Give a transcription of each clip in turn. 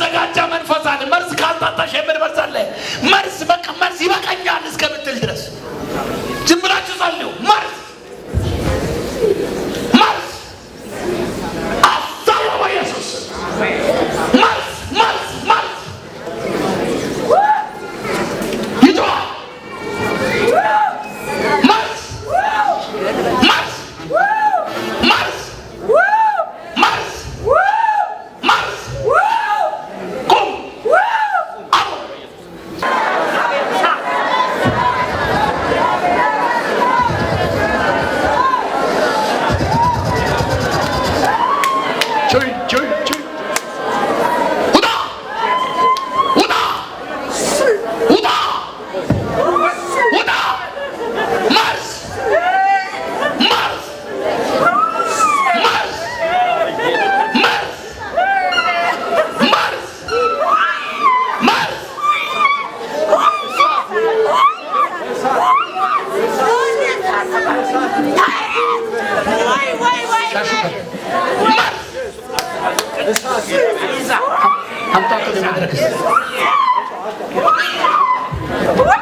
ያዘጋጀ መንፈስ አለ። መርዝ ካልጣጣሽ የምን መርዝ አለ? መርዝ በቃ መርዝ ይበቃኛል እስከምትል ድረስ ዝም ብላችሁ ጸልዩ። हम तो आपको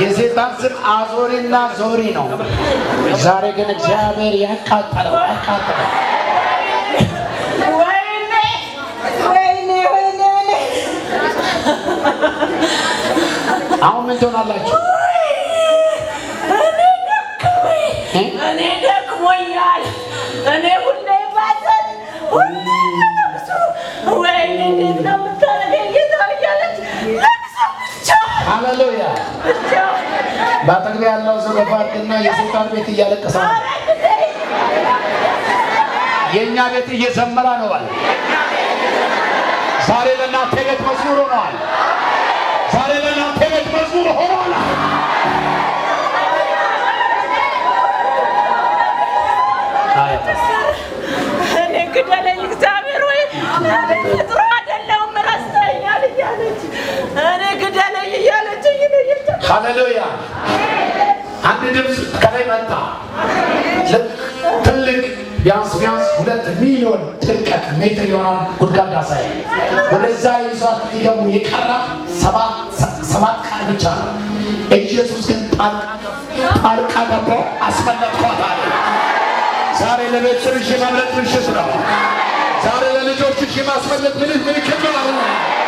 የሴጣን ስም አዞሪና ዞሪ ነው። ዛሬ ግን እግዚአብሔር ያቃጠለው ያቃጠለው አሁን ምን ትሆናላችሁ? እኔ ደክሞኛል። እኔ ሁሌ ባዘን ሁሌ ለቅሶ ወይ ነው የምታደርገው? ሃሌሉያ። በአጠገብ ያለው ሰው እና የሰይጣን ቤት እያለቀሰ ነው። የእኛ ቤት እየዘመረ ነው ዛሬ ለእናንተ ቤት መዝሙር ሆኗል። ዛሬ ቤት መዝሙር ሆኗል። ሃሌሉያ አንድ ድምፅ ከላይ መጣ። ትልቅ ቢያንስ ቢያንስ ሁለት ሚሊዮን ጥልቀት ሜትር የሆነውን ጉድጓድ አሳየ። ወደዛ ይዟት ሊገቡ የቀራ ሰባት ቃል ብቻ ነው። ኢየሱስ ግን ጣልቃ ገብቶ አስመለጥኳት አለ። ዛሬ ለቤተሰብሽ የማምለጥ ምሽት ነው። ዛሬ ለልጆችሽ የማስመለጥ ምልክት ነው።